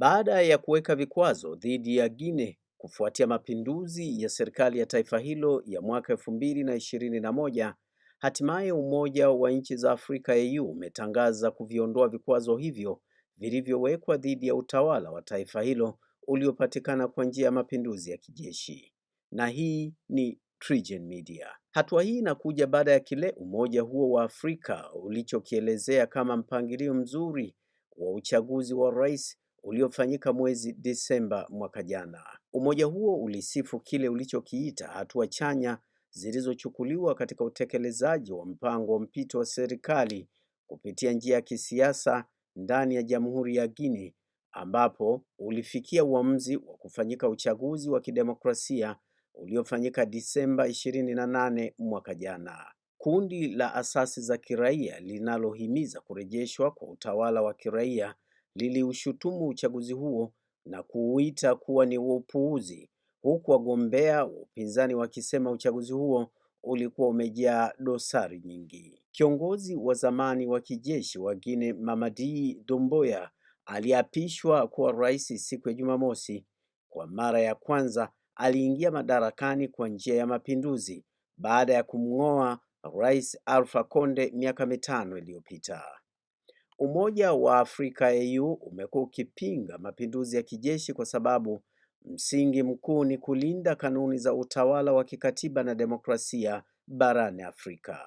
baada ya kuweka vikwazo dhidi ya Guinea kufuatia mapinduzi ya serikali ya taifa hilo ya mwaka elfu mbili na ishirini na moja. Hatimaye Umoja wa Nchi za Afrika AU umetangaza kuviondoa vikwazo hivyo vilivyowekwa dhidi ya utawala wa taifa hilo uliopatikana kwa njia ya mapinduzi ya kijeshi. Na hii ni TriGen Media. Hatua hii inakuja baada ya kile umoja huo wa Afrika ulichokielezea kama mpangilio mzuri wa uchaguzi wa rais uliofanyika mwezi Disemba mwaka jana. Umoja huo ulisifu kile ulichokiita hatua chanya zilizochukuliwa katika utekelezaji wa mpango wa mpito wa serikali kupitia njia ya kisiasa ndani ya Jamhuri ya Guinea ambapo ulifikia uamuzi wa kufanyika uchaguzi wa kidemokrasia uliofanyika Disemba 28 mwaka jana. Kundi la asasi za kiraia linalohimiza kurejeshwa kwa utawala wa kiraia liliushutumu uchaguzi huo na kuuita kuwa ni upuuzi, huku wagombea wa upinzani wakisema uchaguzi huo ulikuwa umejaa dosari nyingi. Kiongozi wa zamani wa kijeshi wa Guinea Mamadi Doumbouya aliapishwa kuwa rais siku ya Jumamosi. Kwa mara ya kwanza aliingia madarakani kwa njia ya mapinduzi baada ya kumng'oa Rais Alpha Conde miaka mitano iliyopita. Umoja wa Afrika AU umekuwa ukipinga mapinduzi ya kijeshi kwa sababu msingi mkuu ni kulinda kanuni za utawala wa kikatiba na demokrasia barani Afrika.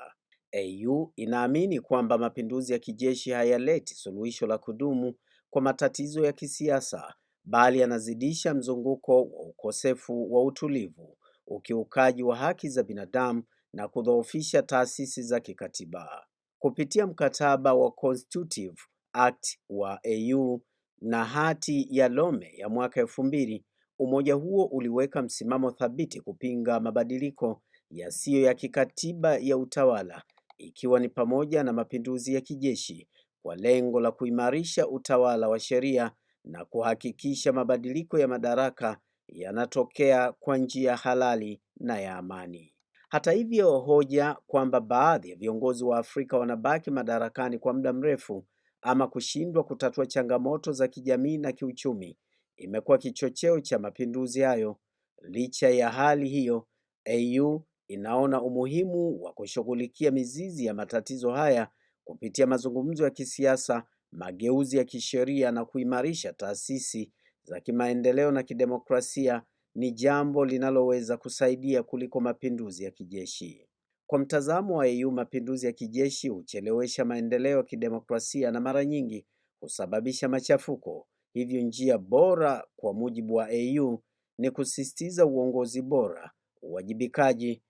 AU inaamini kwamba mapinduzi ya kijeshi hayaleti suluhisho la kudumu kwa matatizo ya kisiasa bali yanazidisha mzunguko wa ukosefu wa utulivu, ukiukaji wa haki za binadamu na kudhoofisha taasisi za kikatiba kupitia mkataba wa Constitutive Act wa AU na hati ya Lome ya mwaka elfu mbili, umoja huo uliweka msimamo thabiti kupinga mabadiliko yasiyo ya kikatiba ya utawala, ikiwa ni pamoja na mapinduzi ya kijeshi kwa lengo la kuimarisha utawala wa sheria na kuhakikisha mabadiliko ya madaraka yanatokea kwa njia halali na ya amani. Hata hivyo, hoja kwamba baadhi ya viongozi wa Afrika wanabaki madarakani kwa muda mrefu ama kushindwa kutatua changamoto za kijamii na kiuchumi imekuwa kichocheo cha mapinduzi hayo. Licha ya hali hiyo, AU inaona umuhimu wa kushughulikia mizizi ya matatizo haya kupitia mazungumzo ya kisiasa, mageuzi ya kisheria na kuimarisha taasisi za kimaendeleo na kidemokrasia ni jambo linaloweza kusaidia kuliko mapinduzi ya kijeshi. Kwa mtazamo wa EU, mapinduzi ya kijeshi huchelewesha maendeleo ya kidemokrasia na mara nyingi husababisha machafuko. Hivyo, njia bora kwa mujibu wa EU ni kusisitiza uongozi bora, uwajibikaji,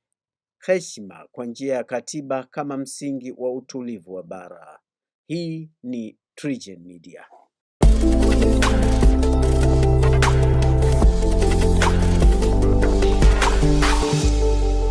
heshima kwa njia ya katiba kama msingi wa utulivu wa bara. Hii ni TriGen Media.